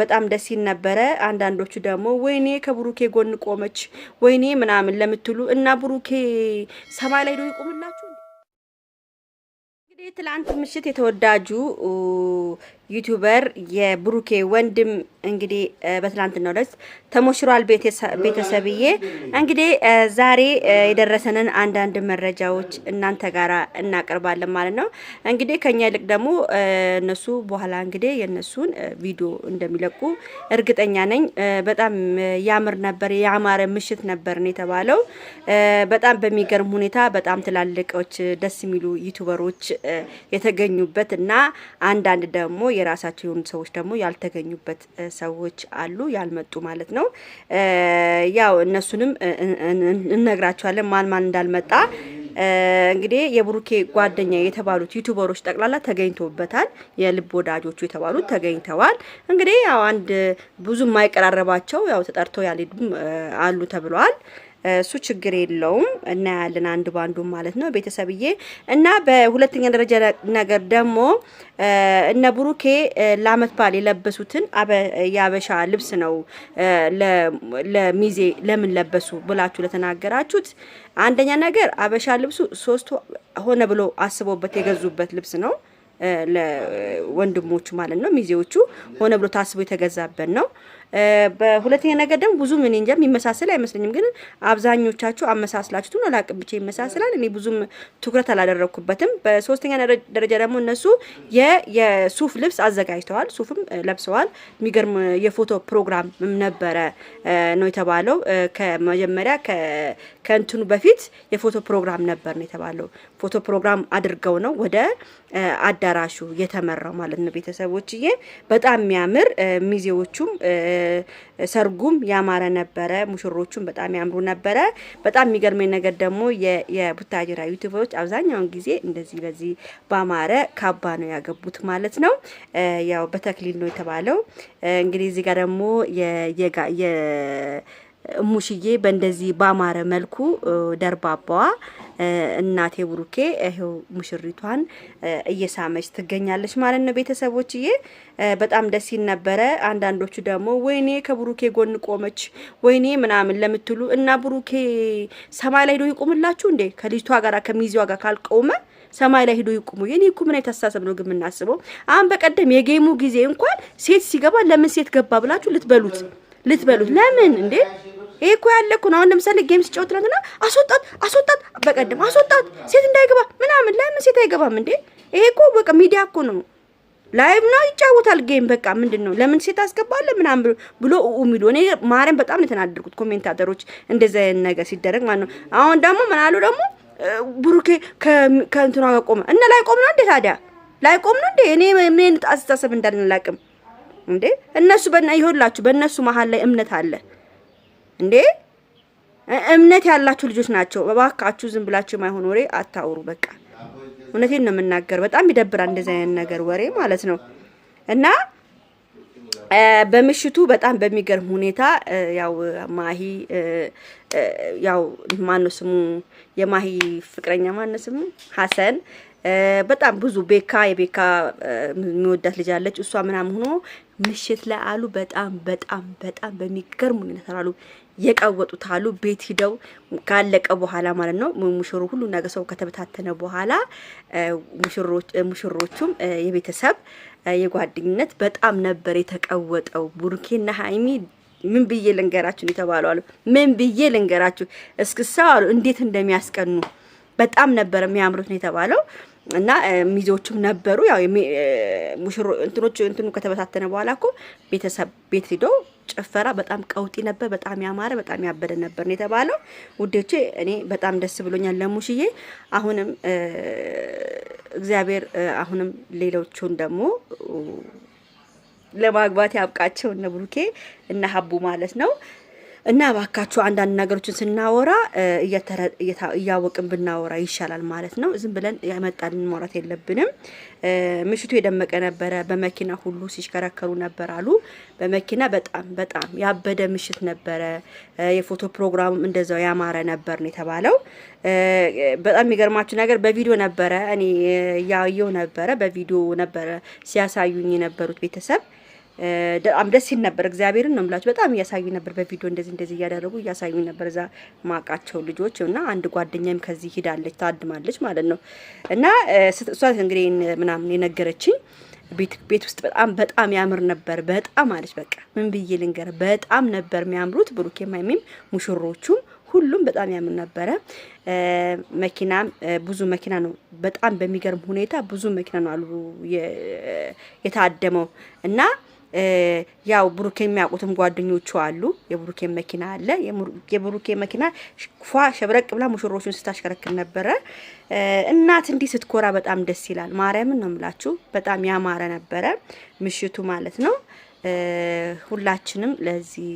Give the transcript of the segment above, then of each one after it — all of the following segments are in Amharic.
በጣም ደስ ይል ነበረ። አንዳንዶቹ ደግሞ ወይኔ ከብሩኬ ጎን ቆመች ወይኔ ምናምን ለምትሉ እና ብሩኬ ሰማይ ላይ ነው ይቆምላችሁ እንግዲህ ትላንት ምሽት የተወዳጁ ዩቲዩበር የብሩኬ ወንድም እንግዲህ በትላንትናው ዕለት ተሞሽሯል። ቤተሰብዬ እንግዲህ ዛሬ የደረሰንን አንዳንድ መረጃዎች እናንተ ጋራ እናቀርባለን ማለት ነው። እንግዲህ ከኛ ይልቅ ደግሞ እነሱ በኋላ እንግዲህ የእነሱን ቪዲዮ እንደሚለቁ እርግጠኛ ነኝ። በጣም ያምር ነበር፣ ያማረ ምሽት ነበር ነው የተባለው። በጣም በሚገርም ሁኔታ በጣም ትላልቆች ደስ የሚሉ ዩቱበሮች። የተገኙበት እና አንዳንድ ደግሞ የራሳቸው የሆኑ ሰዎች ደግሞ ያልተገኙበት ሰዎች አሉ፣ ያልመጡ ማለት ነው። ያው እነሱንም እንነግራቸዋለን ማን ማን እንዳልመጣ። እንግዲህ የብሩኬ ጓደኛ የተባሉት ዩቱበሮች ጠቅላላ ተገኝቶበታል። የልብ ወዳጆቹ የተባሉት ተገኝተዋል። እንግዲህ ያው አንድ ብዙ የማይቀራረባቸው ያው ተጠርተው ያልሄዱም አሉ ተብለዋል። እሱ ችግር የለውም። እናያለን አንድ ባንዱ ማለት ነው ቤተሰብዬ። እና በሁለተኛ ደረጃ ነገር ደግሞ እነ ብሩኬ ለአመት በዓል የለበሱትን የአበሻ ልብስ ነው ለሚዜ ለምን ለበሱ ብላችሁ ለተናገራችሁት፣ አንደኛ ነገር አበሻ ልብሱ ሶስቱ ሆነ ብሎ አስቦበት የገዙበት ልብስ ነው። ለወንድሞቹ ማለት ነው ሚዜዎቹ ሆነ ብሎ ታስቦ የተገዛበት ነው። በሁለተኛ ነገር ደግሞ ብዙም እኔ እንጃ የሚመሳሰል አይመስለኝም፣ ግን አብዛኞቻችሁ አመሳስላችሁት ነው አላቅም፣ ብቻ ይመሳሰላል። እኔ ብዙም ትኩረት አላደረግኩበትም። በሶስተኛ ደረጃ ደግሞ እነሱ የሱፍ ልብስ አዘጋጅተዋል፣ ሱፍም ለብሰዋል። የሚገርም የፎቶ ፕሮግራም ነበረ ነው የተባለው። ከመጀመሪያ ከእንትኑ በፊት የፎቶ ፕሮግራም ነበር ነው የተባለው። ፎቶ ፕሮግራም አድርገው ነው ወደ አዳራሹ የተመራው ማለት ነው። ቤተሰቦችዬ በጣም የሚያምር ሚዜዎቹም ሰርጉም ያማረ ነበረ። ሙሽሮቹም በጣም ያምሩ ነበረ። በጣም የሚገርመኝ ነገር ደግሞ የቡታጅራ ዩቱበሮች አብዛኛውን ጊዜ እንደዚህ በዚህ ባማረ ካባ ነው ያገቡት ማለት ነው። ያው በተክሊል ነው የተባለው። እንግዲህ እዚህ ጋር ደግሞ ሙሽዬ በእንደዚህ ባማረ መልኩ ደርባባዋ እናቴ ብሩኬ ይሄው ሙሽሪቷን እየሳመች ትገኛለች ማለት ነው። ቤተሰቦችዬ በጣም ደስ ይል ነበረ። አንዳንዶቹ ደግሞ ወይኔ ከብሩኬ ጎን ቆመች ወይኔ ምናምን ለምትሉ እና ብሩኬ ሰማይ ላይ ሄዶ ይቁምላችሁ እንዴ? ከልጅቷ ጋር ከሚዜዋ ጋር ካልቆመ ሰማይ ላይ ሄዶ ይቁሙ። የኔ እኮ ምን አይተሳሰብ ነው ግን የምናስበው። አሁን በቀደም የጌሙ ጊዜ እንኳን ሴት ሲገባ ለምን ሴት ገባ ብላችሁ ልትበሉት ልትበሉት ለምን እንዴ? ይሄ እኮ ያለ እኮ ነው። አሁን ለምሳሌ ጌም ሲጫወት ትናንትና አስወጣት አስወጣት፣ በቀደም አስወጣት፣ ሴት እንዳይገባ ምናምን። ለምን ሴት አይገባም እንዴ? ይሄ እኮ በቃ ሚዲያ እኮ ነው። ላይቭ ነው ይጫወታል ጌም። በቃ ምንድን ነው ለምን ሴት አስገባለ ምናምን ብሎ ሚሉ እኔ ማርያም በጣም ነው ኮሜንታተሮች እንደዛ አይነት ነገር ሲደረግ ማለት ነው። አሁን ደግሞ ምን አሉ ደግሞ ብሩኬ ከእንትኗ ጋር ቆመ እና ላይ ቆም ነው እንዴ ታዲያ ላይ ቆም ነው እንዴ? እኔ ምን አስተሳሰብ እንዳለን አላውቅም። እንዴ እነሱ በእና ይሁላችሁ በእነሱ መሀል ላይ እምነት አለ እንዴ እምነት ያላችሁ ልጆች ናቸው። እባካችሁ ዝም ብላችሁ የማይሆን ወሬ አታውሩ። በቃ እውነቴን ነው የምናገር። በጣም ይደብራል እንደዚህ አይነት ነገር ወሬ ማለት ነው። እና በምሽቱ በጣም በሚገርም ሁኔታ ያው ማሂ ያው ማነው ስሙ የማሂ ፍቅረኛ ማነው ስሙ ሀሰን በጣም ብዙ ቤካ የቤካ የሚወዳት ልጅ አለች። እሷ ምናምን ሆኖ ምሽት ላይ አሉ በጣም በጣም በጣም በሚገርም ሁኔታ አሉ የቀወጡት አሉ ቤት ሂደው ካለቀ በኋላ ማለት ነው። ሙሽሩ ሁሉ ነገር ሰው ከተበታተነ በኋላ ሙሽሮቹም የቤተሰብ የጓደኝነት በጣም ነበር የተቀወጠው። ቡሩኬና ሀይሚ ምን ብዬ ልንገራችሁ የተባሉ አሉ። ምን ብዬ ልንገራችሁ እስክሳው አሉ እንዴት እንደሚያስቀኑ በጣም ነበር የሚያምሩት ነው የተባለው። እና ሚዜዎችም ነበሩ። ያው ሙሽሮ እንትኖች እንትኑ ከተበታተነ በኋላ እኮ ቤተሰብ ቤት ሂዶ ጭፈራ በጣም ቀውጢ ነበር። በጣም ያማረ በጣም ያበደ ነበር ነው የተባለው። ውዴቼ እኔ በጣም ደስ ብሎኛል ለሙሽዬ። አሁንም እግዚአብሔር አሁንም ሌሎቹን ደግሞ ለማግባት ያብቃቸው እነ ብሩኬ እና ሀቡ ማለት ነው። እና እባካችሁ አንዳንድ ነገሮችን ስናወራ እያወቅን ብናወራ ይሻላል ማለት ነው። ዝም ብለን ያመጣልን ማውራት የለብንም። ምሽቱ የደመቀ ነበረ። በመኪና ሁሉ ሲሽከረከሩ ነበር አሉ። በመኪና በጣም በጣም ያበደ ምሽት ነበረ። የፎቶ ፕሮግራሙም እንደዛው ያማረ ነበር ነው የተባለው። በጣም የሚገርማችሁ ነገር በቪዲዮ ነበረ፣ እኔ ያየው ነበረ፣ በቪዲዮ ነበረ ሲያሳዩኝ የነበሩት ቤተሰብ በጣም ደስ ይል ነበር። እግዚአብሔርን ነው የምላችሁ። በጣም እያሳዩ ነበር በቪዲዮ እንደዚህ እንደዚህ እያደረጉ እያሳዩ ነበር እዛ ማቃቸው ልጆች እና አንድ ጓደኛም ከዚህ ሂዳለች ታድማለች ማለት ነው እና እሷ እንግዲህ ምናምን የነገረችኝ ቤት ውስጥ በጣም በጣም ያምር ነበር። በጣም አለች። በቃ ምን ብዬ ልንገር፣ በጣም ነበር የሚያምሩት። ብሩኬ ማይሚም ሙሽሮቹም ሁሉም በጣም ያምር ነበረ። መኪና ብዙ መኪና ነው። በጣም በሚገርም ሁኔታ ብዙ መኪና ነው አሉ የታደመው እና ያው ብሩኬ የሚያውቁትም ጓደኞቹ አሉ። የብሩኬ መኪና አለ። የብሩኬ መኪና ፏ ሸብረቅ ብላ ሙሽሮቹን ስታሽከረክር ነበረ። እናት እንዲህ ስትኮራ በጣም ደስ ይላል። ማርያምን ነው የምላችሁ። በጣም ያማረ ነበረ ምሽቱ ማለት ነው። ሁላችንም ለዚህ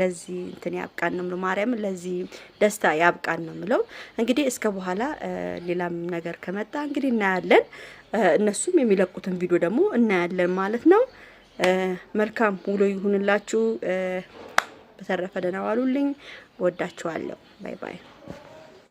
ለዚህ እንትን ያብቃን ነው የምለው። ማርያም ለዚህ ደስታ ያብቃን ነው ምለው። እንግዲህ እስከ በኋላ ሌላም ነገር ከመጣ እንግዲህ እናያለን። እነሱም የሚለቁትን ቪዲዮ ደግሞ እናያለን ማለት ነው። መልካም ውሎ ይሁንላችሁ። በተረፈ ደህና ዋሉልኝ። ወዳችኋለሁ። ባይ ባይ።